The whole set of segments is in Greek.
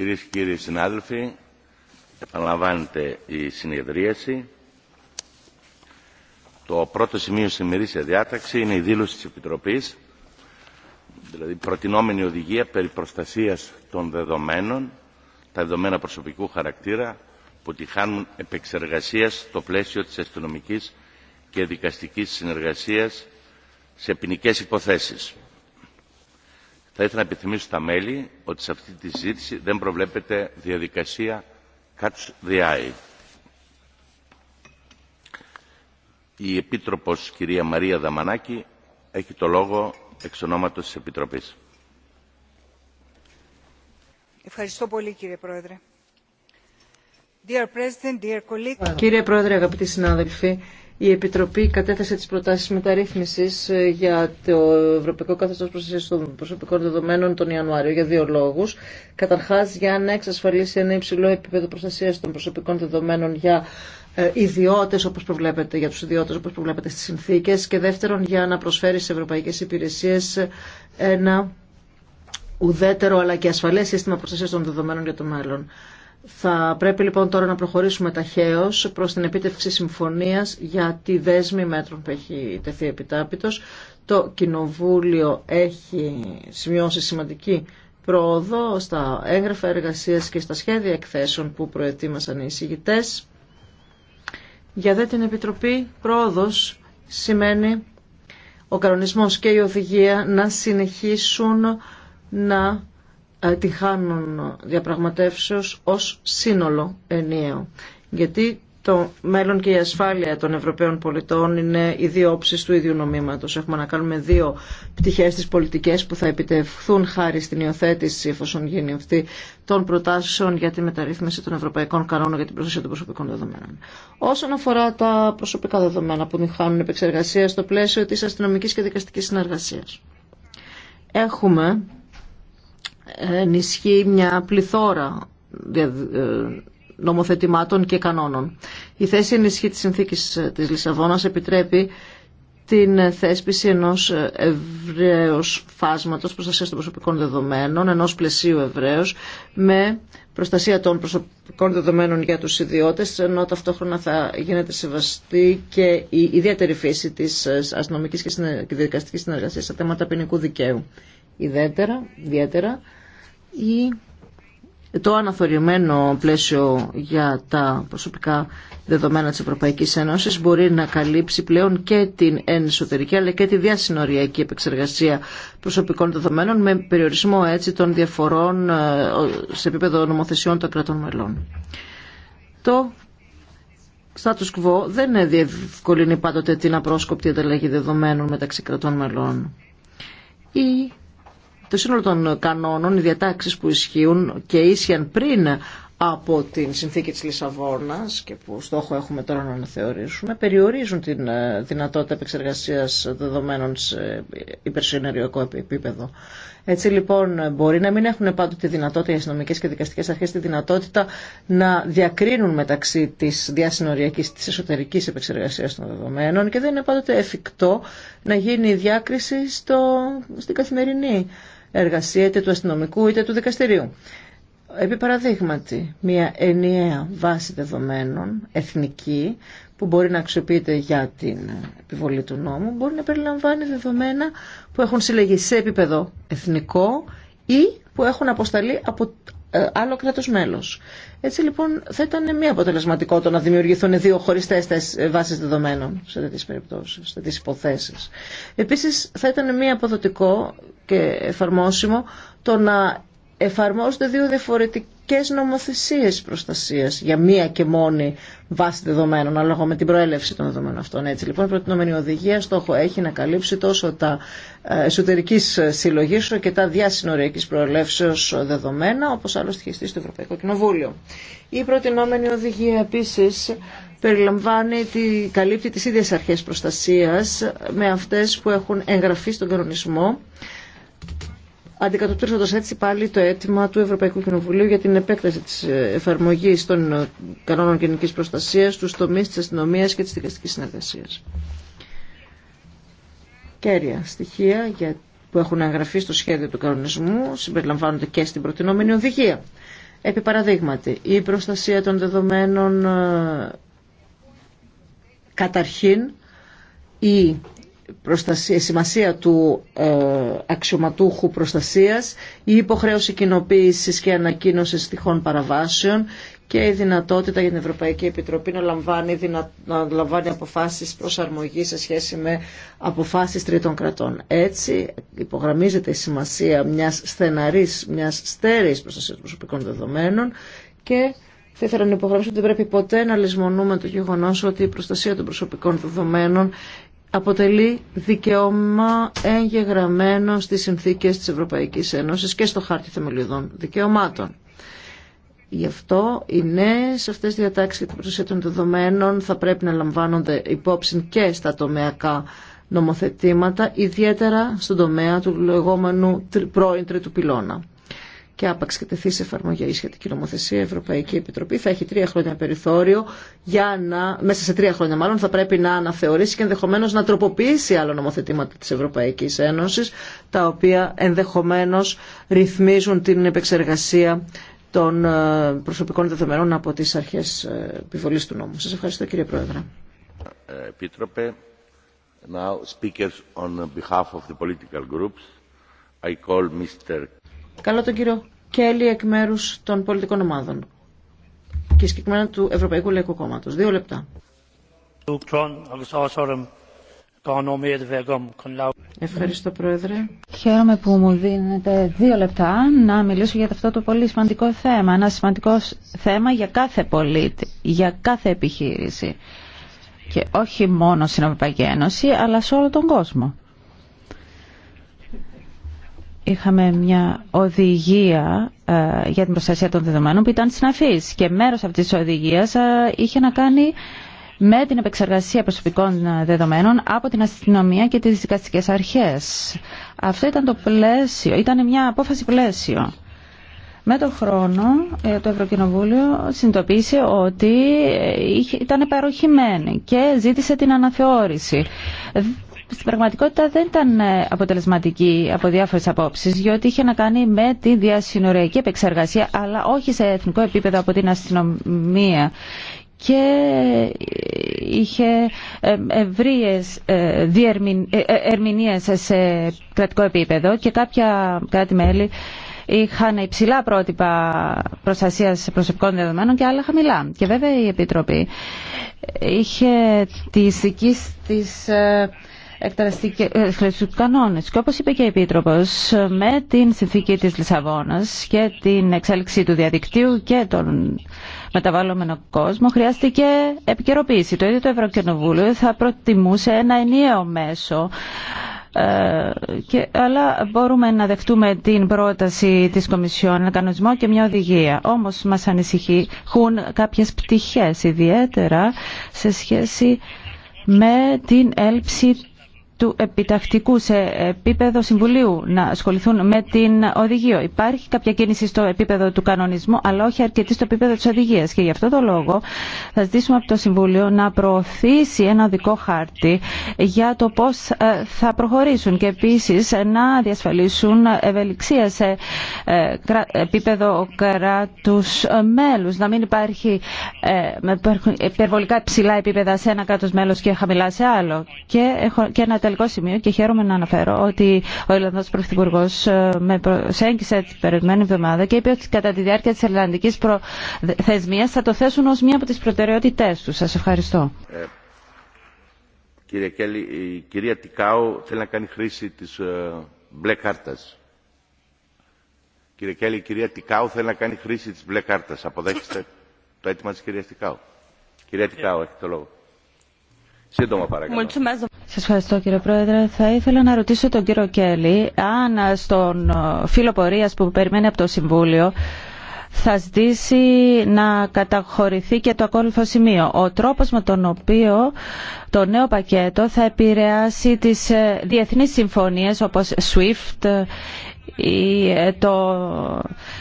Κυρίες και κύριοι συνάδελφοι, επαναλαμβάνεται η συνεδρίαση. Το πρώτο σημείο στη διάταξη είναι η δήλωση της Επιτροπής, δηλαδή προτινόμενη οδηγία περί προστασίας των δεδομένων, τα δεδομένα προσωπικού χαρακτήρα που τυχάνουν χάνουν επεξεργασίας στο πλαίσιο της αστυνομικής και δικαστικής συνεργασίας σε ποινικέ υποθέσεις. Θα ήθελα να επιθυμήσω στα μέλη ότι σε αυτή τη συζήτηση δεν προβλέπεται διαδικασία catch the eye. Η Επίτροπος κυρία Μαρία Δαμανάκη έχει το λόγο εξ ονόματος της Επιτροπής. Ευχαριστώ πολύ κύριε Πρόεδρε. Dear President, dear colleague... Κύριε Πρόεδρε, αγαπητοί συνάδελφοι, η Επιτροπή κατέθεσε τις προτάσεις μεταρρύθμισης ε, για το Ευρωπαϊκό Καθεστώς Προστασίας των Προσωπικών Δεδομένων τον Ιανουάριο για δύο λόγους. Καταρχάς για να εξασφαλίσει ένα υψηλό επίπεδο προστασίας των προσωπικών δεδομένων για ε, ιδιώτες όπως προβλέπετε, για τους ιδιώτες όπως προβλέπετε στις συνθήκες και δεύτερον για να προσφέρει σε ευρωπαϊκές υπηρεσίες ε, ένα ουδέτερο αλλά και ασφαλές σύστημα προστασία των δεδομένων για το μέλλον. Θα πρέπει λοιπόν τώρα να προχωρήσουμε ταχαίως προς την επίτευξη συμφωνίας για τη δέσμη μέτρων που έχει τεθεί επιτάπητος. Το Κοινοβούλιο έχει σημειώσει σημαντική πρόοδο στα έγγραφα εργασίας και στα σχέδια εκθέσεων που προετοίμασαν οι εισηγητές. Για δε την Επιτροπή πρόοδος σημαίνει ο κανονισμός και η οδηγία να συνεχίσουν να ε, τη χάνουν διαπραγματεύσεως ως σύνολο ενιαίο. Γιατί το μέλλον και η ασφάλεια των Ευρωπαίων πολιτών είναι οι δύο όψει του ίδιου νομίματο. Έχουμε να κάνουμε δύο πτυχέ τη πολιτική που θα επιτευχθούν χάρη στην υιοθέτηση, εφόσον γίνει αυτή, των προτάσεων για τη μεταρρύθμιση των ευρωπαϊκών κανόνων για την προστασία των προσωπικών δεδομένων. Όσον αφορά τα προσωπικά δεδομένα που την χάνουν επεξεργασία στο πλαίσιο τη αστυνομική και δικαστική συνεργασία. Έχουμε ενισχύει μια πληθώρα ε, νομοθετημάτων και κανόνων. Η θέση ενισχύ της συνθήκης ε, της Λισαβόνας επιτρέπει την θέσπιση ενός ευρέως φάσματος προστασίας των προσωπικών δεδομένων, ενός πλαισίου ευρέως, με προστασία των προσωπικών δεδομένων για τους ιδιώτες, ενώ ταυτόχρονα θα γίνεται σεβαστή και η ιδιαίτερη φύση της ε, αστυνομικής και δικαστικής συνεργασίας στα θέματα ποινικού δικαίου. Ιδιαίτερα, ιδιαίτερα ή το αναθωριωμένο πλαίσιο για τα προσωπικά δεδομένα της Ευρωπαϊκής Ένωσης μπορεί να καλύψει πλέον και την ενσωτερική αλλά και τη διασυνοριακή επεξεργασία προσωπικών δεδομένων με περιορισμό έτσι των διαφορών ε, σε επίπεδο νομοθεσιών των κρατών μελών. Το status quo δεν διευκολύνει πάντοτε την απρόσκοπτη ανταλλαγή δεδομένων μεταξύ κρατών μελών. Η το σύνολο των κανόνων, οι διατάξεις που ισχύουν και ίσιαν πριν από την συνθήκη της Λισαβόνας και που στόχο έχουμε τώρα να αναθεωρήσουμε, περιορίζουν την ε, δυνατότητα επεξεργασίας δεδομένων σε υπερσυνεριακό επίπεδο. Έτσι λοιπόν μπορεί να μην έχουν πάντοτε τη δυνατότητα οι αστυνομικέ και δικαστικές αρχές τη δυνατότητα να διακρίνουν μεταξύ της διασυνοριακής, της εσωτερικής επεξεργασίας των δεδομένων και δεν είναι πάντοτε εφικτό να γίνει η διάκριση στο, στην καθημερινή εργασία είτε του αστυνομικού είτε του δικαστηρίου. Επί παραδείγματι, μια ενιαία βάση δεδομένων, εθνική, που μπορεί να αξιοποιείται για την επιβολή του νόμου, μπορεί να περιλαμβάνει δεδομένα που έχουν συλλεγεί σε επίπεδο εθνικό ή που έχουν αποσταλεί από ε, άλλο κράτος μέλος. Έτσι λοιπόν θα ήταν μη αποτελεσματικό το να δημιουργηθούν δύο χωριστές ε, βάσεις δεδομένων σε τέτοιες περιπτώσεις, σε τέτοιες υποθέσεις. Επίσης θα ήταν μη αποδοτικό και εφαρμόσιμο το να εφαρμόζονται δύο διαφορετικές εθνικές νομοθεσίες προστασίας για μία και μόνη βάση δεδομένων, ανάλογα με την προέλευση των δεδομένων αυτών. Έτσι λοιπόν, η προτινόμενη οδηγία στόχο έχει να καλύψει τόσο τα ε, εσωτερική συλλογή όσο και τα διασυνοριακή προελεύσεω δεδομένα, όπω άλλωστε είχε στο Ευρωπαϊκό Κοινοβούλιο. Η προτινόμενη οδηγία επίση περιλαμβάνει τη, καλύπτει τις ίδιες αρχές προστασίας με αυτές που έχουν εγγραφεί στον κανονισμό αντικατοπτρίζοντα έτσι πάλι το αίτημα του Ευρωπαϊκού Κοινοβουλίου για την επέκταση της ε, εφαρμογή των ε, κανόνων γενικής προστασίας, στου τομείς της αστυνομία και τη δικαστική συνεργασία. Κέρια στοιχεία για που έχουν εγγραφεί στο σχέδιο του κανονισμού συμπεριλαμβάνονται και στην προτινόμενη οδηγία. Επί παραδείγματι, η προστασία των δεδομένων ε, καταρχήν η προστασία, η σημασία του ε, αξιωματούχου προστασίας, η υποχρέωση κοινοποίησης και ανακοίνωσης τυχών παραβάσεων και η δυνατότητα για την Ευρωπαϊκή Επιτροπή να λαμβάνει, δυνα... να λαμβάνει αποφάσεις προσαρμογής σε σχέση με αποφάσεις τρίτων κρατών. Έτσι υπογραμμίζεται η σημασία μιας στεναρής, μιας στέρης προστασίας των προσωπικών δεδομένων και θα ήθελα να υπογραμμίσω ότι δεν πρέπει ποτέ να λησμονούμε το γεγονό ότι η προστασία των προσωπικών δεδομένων αποτελεί δικαίωμα εγγεγραμμένο στις συνθήκες της Ευρωπαϊκής Ένωσης και στο χάρτη θεμελιωδών δικαιωμάτων. Γι' αυτό οι νέε αυτέ διατάξει για την προστασία των δεδομένων θα πρέπει να λαμβάνονται υπόψη και στα τομεακά νομοθετήματα, ιδιαίτερα στον τομέα του λεγόμενου πρώην του πυλώνα και άπαξ και τεθεί σε εφαρμογή η σχετική νομοθεσία, η Ευρωπαϊκή Επιτροπή θα έχει τρία χρόνια περιθώριο για να, μέσα σε τρία χρόνια μάλλον, θα πρέπει να αναθεωρήσει και ενδεχομένω να τροποποιήσει άλλα νομοθετήματα τη Ευρωπαϊκή Ένωση, τα οποία ενδεχομένω ρυθμίζουν την επεξεργασία των ε, προσωπικών δεδομένων από τι αρχέ ε, επιβολή του νόμου. Σα ευχαριστώ κύριε Πρόεδρε. Ε, Επίτροπε, now speakers on behalf of the political groups. I call Mr. Καλό τον κύριο Κέλλη εκ μέρου των πολιτικών ομάδων και συγκεκριμένα του Ευρωπαϊκού Λαϊκού Κόμματο. Δύο λεπτά. Ευχαριστώ Πρόεδρε. Χαίρομαι που μου δίνετε δύο λεπτά να μιλήσω για αυτό το πολύ σημαντικό θέμα. Ένα σημαντικό θέμα για κάθε πολίτη, για κάθε επιχείρηση. Και όχι μόνο στην Ευρωπαϊκή Ένωση, αλλά σε όλο τον κόσμο είχαμε μια οδηγία ε, για την προστασία των δεδομένων που ήταν συναφής και μέρος αυτής της οδηγίας ε, είχε να κάνει με την επεξεργασία προσωπικών ε, δεδομένων από την αστυνομία και τις δικαστικές αρχές. Αυτό ήταν το πλαίσιο, ήταν μια απόφαση πλαίσιο. Με τον χρόνο το Ευρωκοινοβούλιο συνειδητοποίησε ότι ήταν παροχημένη και ζήτησε την αναθεώρηση στην πραγματικότητα δεν ήταν ε, αποτελεσματική από διάφορες απόψεις, διότι είχε να κάνει με τη διασυνοριακή επεξεργασία, αλλά όχι σε εθνικό επίπεδο από την αστυνομία και ε, είχε ε, ευρείες ερμηνείε σε κρατικό επίπεδο και κάποια κράτη-μέλη είχαν υψηλά πρότυπα προστασία προσωπικών δεδομένων και άλλα χαμηλά. Και βέβαια η Επιτροπή είχε τις δικής της του ε, κανόνες. Και όπως είπε και η Επίτροπος, με την συνθήκη της Λισαβόνας και την εξέλιξη του διαδικτύου και τον μεταβάλλομενο κόσμο, χρειάστηκε επικαιροποίηση. Το ίδιο το Ευρωκοινοβούλιο θα προτιμούσε ένα ενιαίο μέσο ε, και, αλλά μπορούμε να δεχτούμε την πρόταση της Κομισιόν, ένα κανονισμό και μια οδηγία. Όμως μας ανησυχούν κάποιες πτυχές, ιδιαίτερα σε σχέση με την έλψη του επιτακτικού σε επίπεδο Συμβουλίου να ασχοληθούν με την οδηγία. Υπάρχει κάποια κίνηση στο επίπεδο του κανονισμού, αλλά όχι αρκετή στο επίπεδο τη οδηγία. Και γι' αυτό το λόγο θα ζητήσουμε από το Συμβούλιο να προωθήσει ένα δικό χάρτη για το πώ ε, θα προχωρήσουν και επίση να διασφαλίσουν ευελιξία σε ε, επίπεδο κράτου μέλου. Να μην υπάρχει ε, υπερβολικά ψηλά επίπεδα σε ένα κράτο μέλο και χαμηλά σε άλλο. Και, και τελικό σημείο και χαίρομαι να αναφέρω ότι ο Ιρλανδός Πρωθυπουργό ε, με προσέγγισε την περασμένη εβδομάδα και είπε ότι κατά τη διάρκεια της Ιρλανδική προθεσμίας θα το θέσουν ως μία από τις προτεραιότητές του. Σας ευχαριστώ. Ε, κύριε Κέλλη, η κυρία Τικάου θέλει να κάνει χρήση της ε, μπλε κάρτας. Κύριε Κέλλη, η κυρία Τικάου θέλει να κάνει χρήση της μπλε κάρτας. Αποδέχεστε το αίτημα της κυρίας Τικάου. Κυρία Τικάου, έχει το λόγο. Σύντομα παρακαλώ. Σας ευχαριστώ κύριε Πρόεδρε. Θα ήθελα να ρωτήσω τον κύριο Κέλλη αν ε, στον ε, φίλο πορεία που περιμένει από το Συμβούλιο θα ζητήσει να καταχωρηθεί και το ακόλουθο σημείο. Ο τρόπος με τον οποίο το νέο πακέτο θα επηρεάσει τις ε, διεθνείς συμφωνίες όπως SWIFT ή ε, το,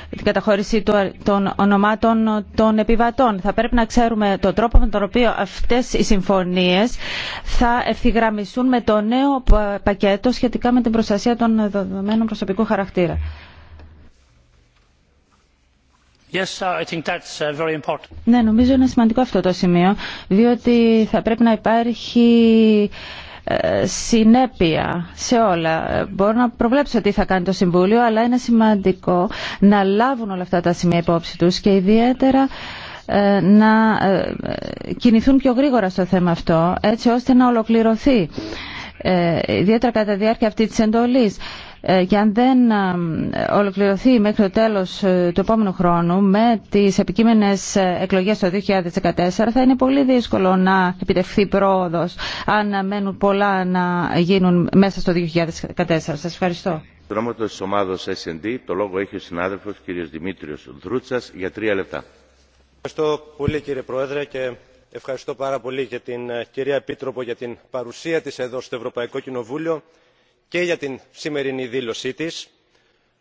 την καταχώρηση των ονομάτων των επιβατών. Θα πρέπει να ξέρουμε τον τρόπο με τον οποίο αυτές οι συμφωνίες θα ευθυγραμμιστούν με το νέο πακέτο σχετικά με την προστασία των δεδομένων προσωπικού χαρακτήρα. Yes, I think that's uh, very important. Ναι, νομίζω είναι σημαντικό αυτό το σημείο, διότι θα πρέπει να υπάρχει ε, συνέπεια σε όλα. Μπορώ να προβλέψω τι θα κάνει το Συμβούλιο, αλλά είναι σημαντικό να λάβουν όλα αυτά τα σημεία υπόψη τους και ιδιαίτερα ε, να ε, κινηθούν πιο γρήγορα στο θέμα αυτό, έτσι ώστε να ολοκληρωθεί, ιδιαίτερα κατά τη διάρκεια αυτή της εντολής. Ε, και αν δεν ε, ολοκληρωθεί μέχρι το τέλος ε, του επόμενου χρόνου με τις επικείμενες εκλογές το 2014 θα είναι πολύ δύσκολο να επιτευχθεί πρόοδος αν μένουν πολλά να γίνουν μέσα στο 2014. Σας ευχαριστώ. Δρόμο της ομάδος S&D, το λόγο έχει ο συνάδελφος κ. Δημήτριος Δρούτσας για τρία λεπτά. Ευχαριστώ πολύ κύριε Πρόεδρε και ευχαριστώ πάρα πολύ και την κυρία Επίτροπο για την παρουσία της εδώ στο Ευρωπαϊκό Κοινοβούλιο και για την σημερινή δήλωσή της.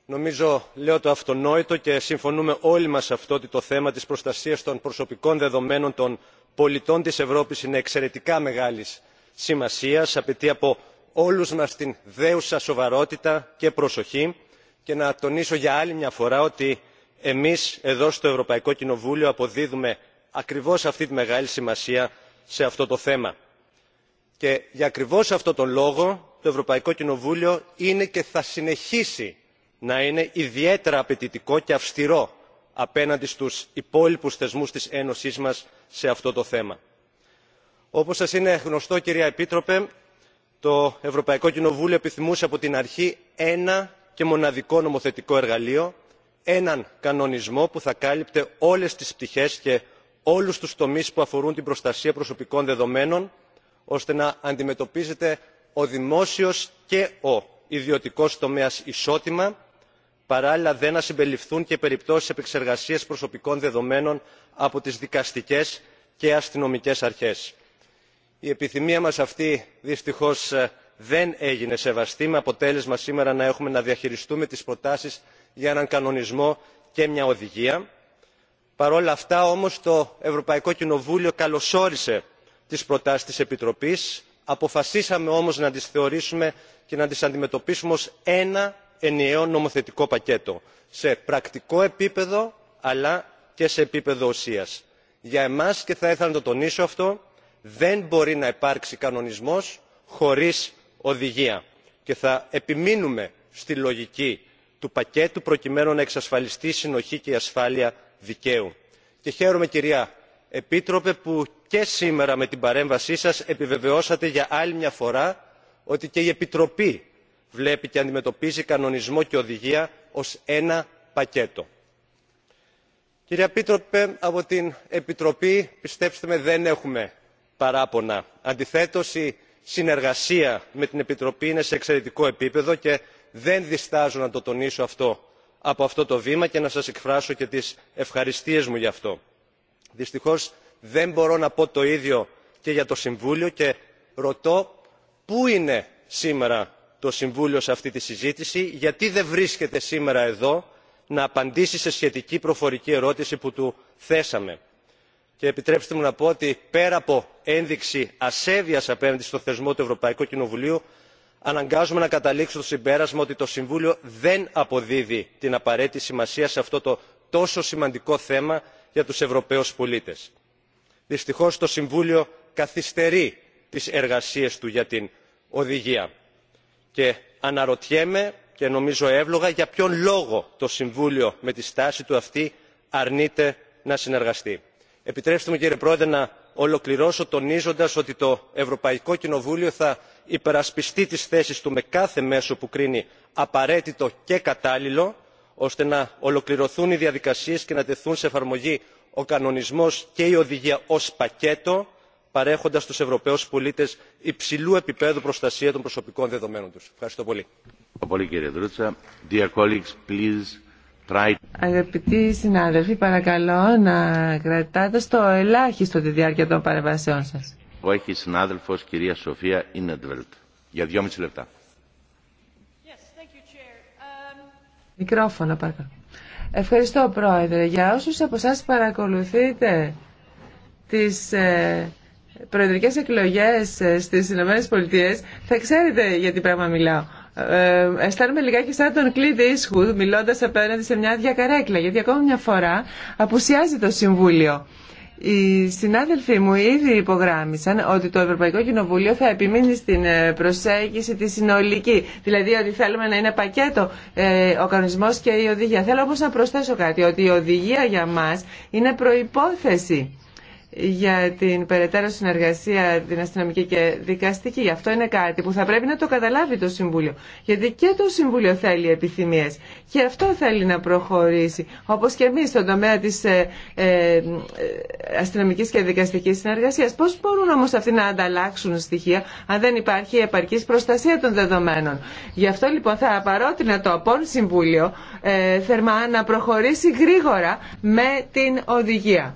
Νομίζω λέω το αυτονόητο και συμφωνούμε όλοι μας σε αυτό ότι το θέμα της προστασίας των προσωπικών δεδομένων των πολιτών της Ευρώπης είναι εξαιρετικά μεγάλης σημασίας, απαιτεί από όλου μας την δέουσα σοβαρότητα και προσοχή και να τονίσω για άλλη μια φορά ότι εμείς εδώ στο Ευρωπαϊκό Κοινοβούλιο αποδίδουμε ακριβώ αυτή τη μεγάλη σημασία σε αυτό το θέμα. Και για ακριβώ αυτόν τον λόγο το ευρωπαϊκό κοινοβούλιο είναι και θα συνεχίσει να είναι ιδιαίτερα απαιτητικό και αυστηρό απέναντι στους υπόλοιπους θεσμούς της ένωσής μας σε αυτό το θέμα. όπως σας είναι γνωστό κυρία επίτροπε το ευρωπαϊκό κοινοβούλιο επιθυμούσε από την αρχή ένα και μοναδικό νομοθετικό εργαλείο έναν κανονισμό που θα κάλυπτε όλες τις πτυχές και όλους τους τομείς που αφορούν την προστασία προσωπικών δεδομένων ώστε να αντιμετωπίζεται ο δημόσιος και ο ιδιωτικός τομέας ισότιμα παράλληλα δεν να συμπεριληφθούν και περιπτώσεις επεξεργασίας προσωπικών δεδομένων από τις δικαστικές και αστυνομικές αρχές. η επιθυμία μας αυτή δυστυχώς ε, δεν έγινε σεβαστή με αποτέλεσμα σήμερα να έχουμε να διαχειριστούμε τις προτάσεις για έναν κανονισμό και μια οδηγία. παρ' όλα αυτά όμως το ευρωπαϊκό κοινοβούλιο καλωσόρισε τις προτάσεις της επιτροπής αποφασίσαμε όμως να τις θεωρήσουμε και να τις αντιμετωπίσουμε ως ένα ενιαίο νομοθετικό πακέτο σε πρακτικό επίπεδο αλλά και σε επίπεδο ουσίας. για εμάς και θα ήθελα να το τονίσω αυτό δεν μπορεί να υπάρξει κανονισμός χωρίς οδηγία και θα επιμείνουμε στη λογική του πακέτου προκειμένου να εξασφαλιστεί η συνοχή και η ασφάλεια δικαίου. και χαίρομαι κυρία επίτροπε που και σήμερα με την παρέμβασή σας επιβεβαιώσατε για άλλη μια φορά ότι και η επιτροπή βλέπει και αντιμετωπίζει κανονισμό και οδηγία ως ένα πακέτο. Κύριε Επίτροπε, από την Επιτροπή, πιστέψτε με, δεν έχουμε παράπονα. Αντιθέτως, η συνεργασία με την Επιτροπή είναι σε εξαιρετικό επίπεδο και δεν διστάζω να το τονίσω αυτό από αυτό το βήμα και να σας εκφράσω και τις ευχαριστίες μου γι' αυτό. Δυστυχώς, δεν μπορώ να πω το ίδιο και για το συμβούλιο και ρωτώ πού είναι σήμερα το συμβούλιο σε αυτή τη συζήτηση γιατί δεν βρίσκεται σήμερα εδώ να απαντήσει σε σχετική προφορική ερώτηση που του θέσαμε. και επιτρέψτε μου να πω ότι πέρα από ένδειξη ασέβειας απέναντι στο θεσμό του ευρωπαϊκού κοινοβουλίου αναγκάζομαι να καταλήξω στο συμπέρασμα ότι το συμβούλιο δεν αποδίδει την απαραίτητη σημασία σε αυτό το τόσο σημαντικό θέμα για τους ευρωπαίους πολίτες δυστυχώς το συμβούλιο καθυστερεί τις εργασίες του για την οδηγία και αναρωτιέμαι και νομίζω εύλογα για ποιον λόγο το συμβούλιο με τη στάση του αυτή αρνείται να συνεργαστεί. επιτρέψτε μου κύριε πρόεδρε να ολοκληρώσω τονίζοντας ότι το ευρωπαϊκό κοινοβούλιο θα υπερασπιστεί τις θέσεις του με κάθε μέσο που κρίνει απαραίτητο και κατάλληλο ώστε να ολοκληρωθούν οι διαδικασίες και να τεθούν σε εφαρμογή ο κανονισμός και η οδηγία ως πακέτο παρέχοντας στους ευρωπαίους πολίτες υψηλού επίπεδου προστασία των προσωπικών δεδομένων τους. Ευχαριστώ πολύ. Αγαπητοί συνάδελφοι, παρακαλώ να κρατάτε στο ελάχιστο τη διάρκεια των παρεμβάσεών σας. Ο έχει συνάδελφος κυρία Σοφία Yes, thank you, Chair. Um... Μικρόφωνο, παρακαλώ. Ευχαριστώ Πρόεδρε. Για όσους από εσά παρακολουθείτε τις ε, προεδρικές εκλογές ε, στις Ηνωμένες θα ξέρετε για τι πράγμα μιλάω. Ε, ε αισθάνομαι λιγάκι σαν τον κλείδι Ίσχου μιλώντας απέναντι σε μια διακαρέκλα, γιατί ακόμα μια φορά απουσιάζει το Συμβούλιο. Οι συνάδελφοί μου ήδη υπογράμμισαν ότι το Ευρωπαϊκό Κοινοβούλιο θα επιμείνει στην ε, προσέγγιση τη συνολική. Δηλαδή ότι θέλουμε να είναι πακέτο ε, ο κανονισμός και η οδηγία. Θέλω όμως να προσθέσω κάτι, ότι η οδηγία για μας είναι προϋπόθεση για την περαιτέρω συνεργασία την αστυνομική και δικαστική. Γι' αυτό είναι κάτι που θα πρέπει να το καταλάβει το Συμβούλιο. Γιατί και το Συμβούλιο θέλει επιθυμίες και αυτό θέλει να προχωρήσει. Όπως και εμείς στον τομέα της ε, ε, αστυνομικής και δικαστικής συνεργασίας. Πώς μπορούν όμως αυτοί να ανταλλάξουν στοιχεία αν δεν υπάρχει επαρκής προστασία των δεδομένων. Γι' αυτό λοιπόν θα παρότρινα το απόν Συμβούλιο ε, θερμά να προχωρήσει γρήγορα με την οδηγία.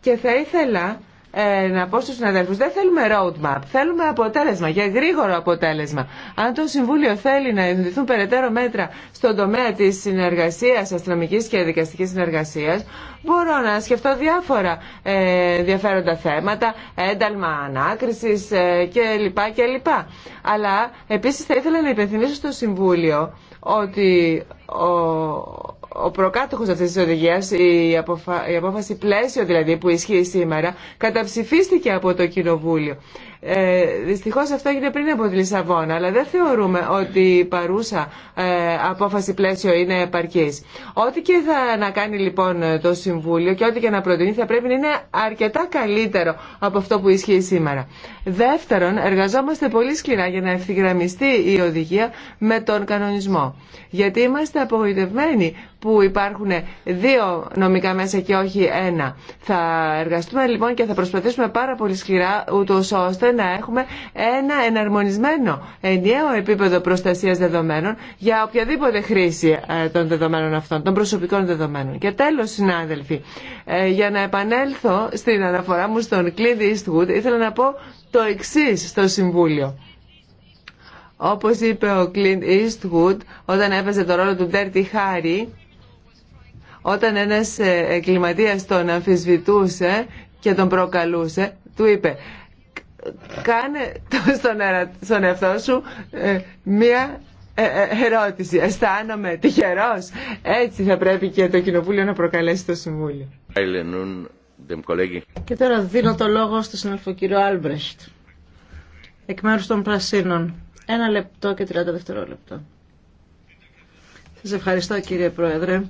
Και θα ήθελα ε, να πω στους συναδέλφους, δεν θέλουμε roadmap, θέλουμε αποτέλεσμα, για γρήγορο αποτέλεσμα. Αν το Συμβούλιο θέλει να ενδυθούν περαιτέρω μέτρα στον τομέα της συνεργασίας, αστυνομικής και δικαστικής συνεργασίας, μπορώ να σκεφτώ διάφορα ε, ενδιαφέροντα θέματα, ένταλμα ανάκρισης ε, κλπ. Αλλά επίσης θα ήθελα να υπενθυμίσω στο Συμβούλιο ότι ο, ο προκάτοχος αυτής της οδηγίας, η, η απόφαση πλαίσιο δηλαδή που ισχύει σήμερα, καταψηφίστηκε από το Κοινοβούλιο. Ε, δυστυχώς αυτό έγινε πριν από τη Λισαβόνα, αλλά δεν θεωρούμε ότι η παρούσα ε, απόφαση πλαίσιο είναι επαρκής. Ό,τι και θα να κάνει λοιπόν το Συμβούλιο και ό,τι και να προτείνει θα πρέπει να είναι αρκετά καλύτερο από αυτό που ισχύει σήμερα. Δεύτερον, εργαζόμαστε πολύ σκληρά για να ευθυγραμμιστεί η οδηγία με τον κανονισμό. Γιατί είμαστε απογοητευμένοι που υπάρχουν δύο νομικά μέσα και όχι ένα. Θα εργαστούμε λοιπόν και θα προσπαθήσουμε πάρα πολύ σκληρά ούτως ώστε να έχουμε ένα εναρμονισμένο ενιαίο επίπεδο προστασίας δεδομένων για οποιαδήποτε χρήση ε, των δεδομένων αυτών, των προσωπικών δεδομένων. Και τέλος, συνάδελφοι, ε, για να επανέλθω στην αναφορά μου στον Clint Eastwood, ήθελα να πω το εξή στο Συμβούλιο. Όπως είπε ο Clint Eastwood όταν έπαιζε το ρόλο του Dirty Harry, όταν ένας ε, εγκληματίας τον αμφισβητούσε και τον προκαλούσε, του είπε κάνε στον, εαυτό σου ε, μία ε, ε, ερώτηση. Αισθάνομαι τυχερό. Έτσι θα πρέπει και το Κοινοβούλιο να προκαλέσει το Συμβούλιο. Και τώρα δίνω το λόγο στον συνάδελφο κύριο Άλμπρεχτ. Εκ μέρου των Πρασίνων. Ένα λεπτό και 30 δευτερόλεπτα. Σα ευχαριστώ κύριε Πρόεδρε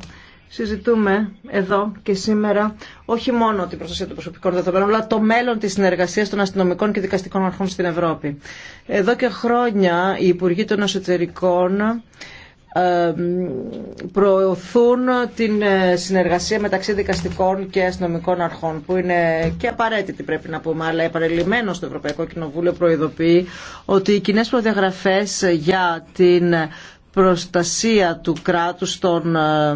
συζητούμε εδώ και σήμερα όχι μόνο την προστασία των προσωπικών δεδομένων, αλλά το μέλλον της συνεργασίας των αστυνομικών και δικαστικών αρχών στην Ευρώπη. Εδώ και χρόνια οι Υπουργοί των Εσωτερικών ε, προωθούν την ε, συνεργασία μεταξύ δικαστικών και αστυνομικών αρχών που είναι και απαραίτητη πρέπει να πούμε αλλά επαρελειμμένο στο Ευρωπαϊκό Κοινοβούλιο προειδοποιεί ότι οι κοινέ προδιαγραφές για την προστασία του κράτους των ε,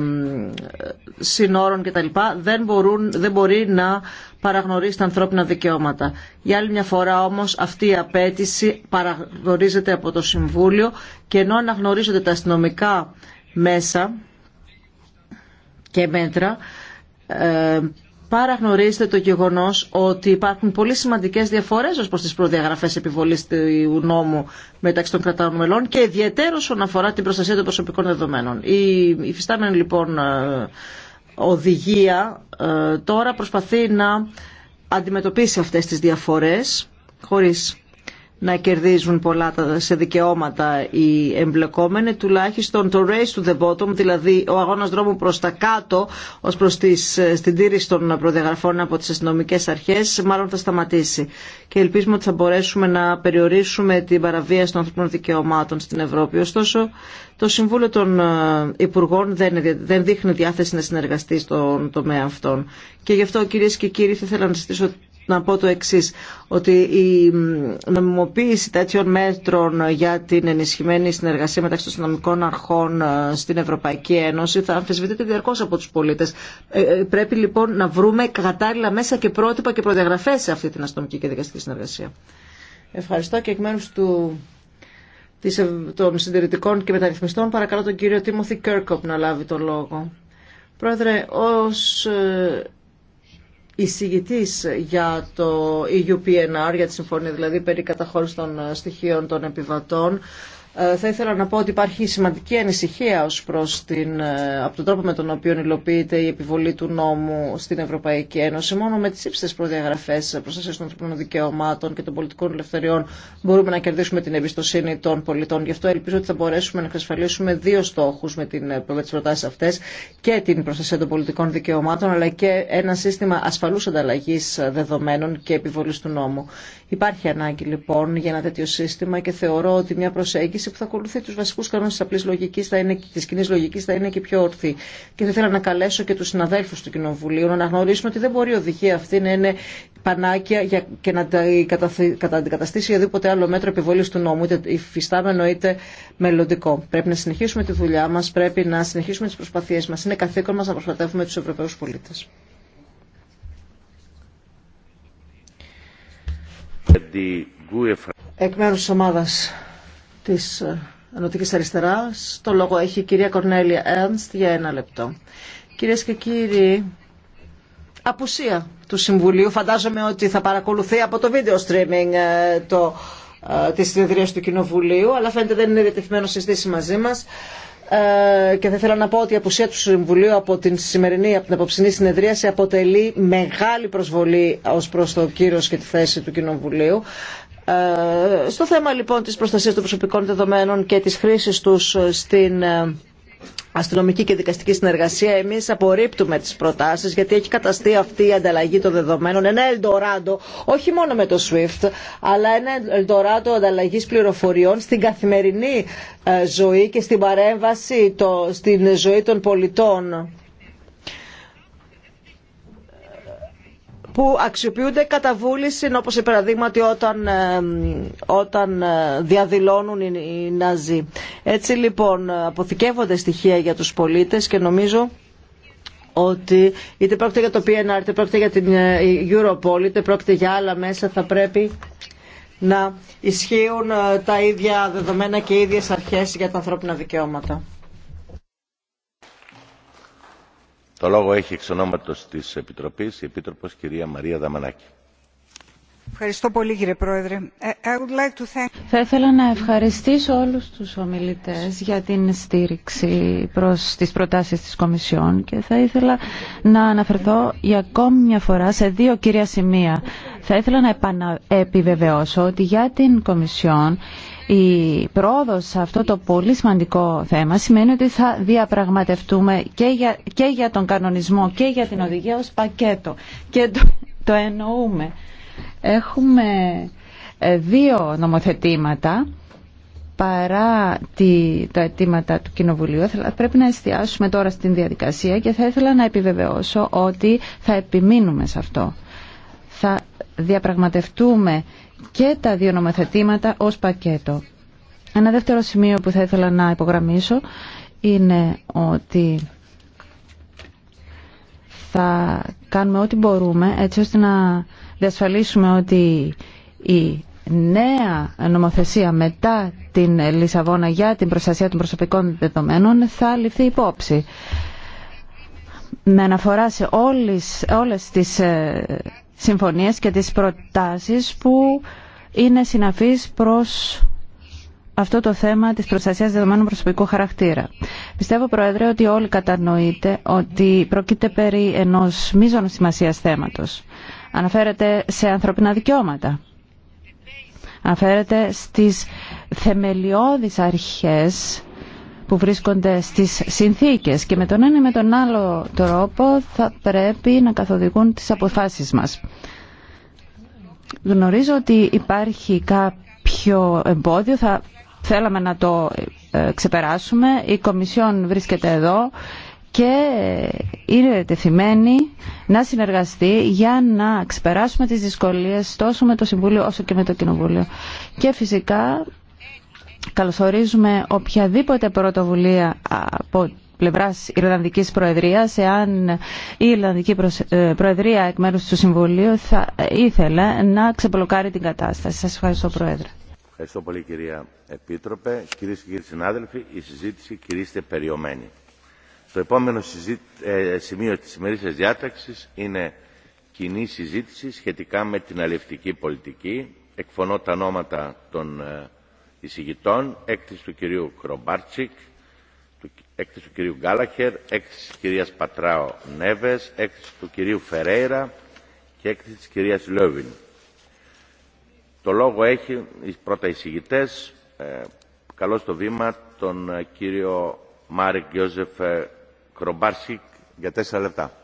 συνόρων κτλ. Δεν, μπορούν, δεν μπορεί να παραγνωρίσει τα ανθρώπινα δικαιώματα. Για άλλη μια φορά όμως αυτή η απέτηση παραγνωρίζεται από το Συμβούλιο και ενώ αναγνωρίζονται τα αστυνομικά μέσα και μέτρα ε, παραγνωρίζετε το γεγονό ότι υπάρχουν πολύ σημαντικές διαφορές ω προ τι προδιαγραφές επιβολής του νόμου μεταξύ των κρατών μελών και ιδιαίτερω όσον αφορά την προστασία των προσωπικών δεδομένων. Η υφιστάμενη λοιπόν ε, οδηγία ε, τώρα προσπαθεί να αντιμετωπίσει αυτές τις διαφορές χωρίς να κερδίζουν πολλά σε δικαιώματα οι εμπλεκόμενοι, τουλάχιστον το race to the bottom, δηλαδή ο αγώνας δρόμου προς τα κάτω, ως προς τις, ε, στην τήρηση των προδιαγραφών από τις αστυνομικέ αρχές, μάλλον θα σταματήσει. Και ελπίζουμε ότι θα μπορέσουμε να περιορίσουμε την παραβίαση των ανθρωπίνων δικαιωμάτων στην Ευρώπη. Ωστόσο, το Συμβούλιο των ε, Υπουργών δεν, δεν δείχνει διάθεση να συνεργαστεί στον τομέα αυτών. Και γι' αυτό, κυρίες και κύριοι, θα ήθελα να ζητήσω να πω το εξή ότι η νομιμοποίηση τέτοιων μέτρων για την ενισχυμένη συνεργασία μεταξύ των αστυνομικών αρχών ε, στην Ευρωπαϊκή Ένωση θα αμφισβητείται διαρκώ από του πολίτε. Ε, ε, πρέπει λοιπόν να βρούμε κατάλληλα μέσα και πρότυπα και προδιαγραφέ σε αυτή την αστυνομική και δικαστική συνεργασία. Ευχαριστώ και εκ μέρου του των συντηρητικών και μεταρρυθμιστών παρακαλώ τον κύριο Τίμωθη Κέρκοπ να λάβει τον λόγο. Πρόεδρε, ως εισηγητής για το EUPNR, για τη συμφωνία δηλαδή περί καταχώρησης των ε, στοιχείων των επιβατών, ε, θα ήθελα να πω ότι υπάρχει σημαντική ανησυχία ως προς την, ε, από τον τρόπο με τον οποίο υλοποιείται η επιβολή του νόμου στην Ευρωπαϊκή Ένωση. Μόνο με τις ύψιστες προδιαγραφές προστασίας των ανθρωπίνων δικαιωμάτων και των πολιτικών ελευθεριών μπορούμε να κερδίσουμε την εμπιστοσύνη των πολιτών. Γι' αυτό ελπίζω ότι θα μπορέσουμε να εξασφαλίσουμε δύο στόχους με, την, ε, με τις προτάσεις αυτές και την προστασία των πολιτικών δικαιωμάτων αλλά και ένα σύστημα ασφαλούς ανταλλαγή δεδομένων και επιβολής του νόμου. Υπάρχει ανάγκη λοιπόν για ένα τέτοιο σύστημα και θεωρώ ότι μια προσέγγιση που θα ακολουθεί του βασικού κανόνε τη απλή λογική, τη κοινή λογική, θα είναι και πιο ορθή. Και θα ήθελα να καλέσω και του συναδέλφου του Κοινοβουλίου να αναγνωρίσουν ότι δεν μπορεί η οδηγία αυτή να είναι πανάκια και να αντικαταστήσει οτιδήποτε άλλο μέτρο επιβολή του νόμου, είτε υφιστάμενο είτε μελλοντικό. Πρέπει να συνεχίσουμε τη δουλειά μα, πρέπει να συνεχίσουμε τι προσπαθίε μα. Είναι καθήκον μα να προστατεύουμε του Ευρωπαίου πολίτε. Εκ μέρους της ομάδας της Ενωτικής Αριστεράς. Το λόγο έχει η κυρία Κορνέλια Ένστ για ένα λεπτό. Κυρίες και κύριοι, απουσία του Συμβουλίου. Φαντάζομαι ότι θα παρακολουθεί από το βίντεο streaming ε, το, ε, της συνεδρίας του Κοινοβουλίου, αλλά φαίνεται δεν είναι διατεθειμένο συζητήσει μαζί μας. Ε, και θα ήθελα να πω ότι η απουσία του Συμβουλίου από την σημερινή, από την απόψινή συνεδρίαση αποτελεί μεγάλη προσβολή ως προς το κύριο και τη θέση του Κοινοβουλίου. Ε, στο θέμα λοιπόν της προστασίας των προσωπικών δεδομένων και της χρήσης τους ε, στην ε, αστυνομική και δικαστική συνεργασία εμείς απορρίπτουμε τις προτάσεις γιατί έχει καταστεί αυτή η ανταλλαγή των δεδομένων ένα ελντοράντο όχι μόνο με το SWIFT αλλά ένα ελντοράντο ανταλλαγής πληροφοριών στην καθημερινή ζωή και στην παρέμβαση το, στην ζωή των πολιτών. που αξιοποιούνται κατά βούληση, όπως παραδείγματι όταν, ε, όταν ε, διαδηλώνουν οι, οι Ναζί. Έτσι λοιπόν αποθηκεύονται στοιχεία για τους πολίτες και νομίζω ότι είτε πρόκειται για το PNR, είτε πρόκειται για την ε, Europol, είτε πρόκειται για άλλα μέσα θα πρέπει να ισχύουν τα ίδια δεδομένα και οι ίδιες αρχές για τα ανθρώπινα δικαιώματα. Το λόγο έχει εξ ονόματος της Επιτροπής η Επίτροπος κυρία Μαρία Δαμανάκη. Ευχαριστώ πολύ κύριε Πρόεδρε. Ε, I Θα ήθελα να ευχαριστήσω όλους τους ομιλητές για την στήριξη προς τις προτάσεις της Κομισιόν και θα ήθελα να αναφερθώ για ακόμη μια φορά σε δύο κυρία σημεία. Θα ήθελα να επιβεβαιώσω ότι για την Κομισιόν η πρόοδος σε αυτό το πολύ σημαντικό θέμα σημαίνει ότι θα διαπραγματευτούμε και για, και για τον κανονισμό και για την οδηγία ως πακέτο. Και το, το εννοούμε. Έχουμε ε, δύο νομοθετήματα παρά τη, τα αιτήματα του Κοινοβουλίου. Πρέπει να εστιάσουμε τώρα στην διαδικασία και θα ήθελα να επιβεβαιώσω ότι θα επιμείνουμε σε αυτό. Θα διαπραγματευτούμε και τα δύο νομοθετήματα ως πακέτο. Ένα δεύτερο σημείο που θα ήθελα να υπογραμμίσω είναι ότι θα κάνουμε ό,τι μπορούμε έτσι ώστε να διασφαλίσουμε ότι η νέα νομοθεσία μετά την Λισαβόνα για την προστασία των προσωπικών δεδομένων θα ληφθεί υπόψη. Με αναφορά σε όλες, όλες τις ε, συμφωνίες και τις προτάσεις που είναι συναφείς προς αυτό το θέμα της προστασίας δεδομένων προσωπικού χαρακτήρα. Πιστεύω, Πρόεδρε, ότι όλοι κατανοείτε ότι πρόκειται περί ενός μείζων σημασίας θέματος. Αναφέρεται σε ανθρωπινά δικαιώματα. Αναφέρεται στις θεμελιώδεις αρχές που βρίσκονται στις συνθήκες και με τον ένα ή με τον άλλο τρόπο θα πρέπει να καθοδηγούν τις αποφάσεις μας. Γνωρίζω ότι υπάρχει κάποιο εμπόδιο, θα θέλαμε να το ε, ξεπεράσουμε. Η Κομισιόν βρίσκεται εδώ και είναι τεθειμένη να συνεργαστεί για να ξεπεράσουμε τις δυσκολίες τόσο με το Συμβούλιο όσο και με το Κοινοβούλιο. Και φυσικά καλωσορίζουμε οποιαδήποτε πρωτοβουλία από πλευρά Ιρλανδική Προεδρία, εάν η Ιρλανδική ε, Προεδρία εκ μέρου του Συμβουλίου θα ήθελε να ξεπλοκάρει την κατάσταση. Σα ευχαριστώ, Πρόεδρε. Ευχαριστώ πολύ, κυρία Επίτροπε. Κυρίε και κύριοι συνάδελφοι, η συζήτηση κηρύσσεται περιομένη. Το επόμενο συζή... ε, σημείο τη σημερινή διάταξη είναι κοινή συζήτηση σχετικά με την αλληλευτική πολιτική. Εκφωνώ τα νόματα των ε, εισηγητών, έκθεση του κυρίου Κρομπάρτσικ, έκθεση του κυρίου Γκάλαχερ, έκθεση της κυρίας Πατράο Νέβες, έκθεση του κυρίου Φερέιρα και έκθεση της κυρίας Λόβιν. Το λόγο έχει οι πρώτα εισηγητές, ε, καλώ βήμα, τον κύριο Μάρικ Γιώζεφ ε, Κρομπάρσικ για τέσσερα λεπτά.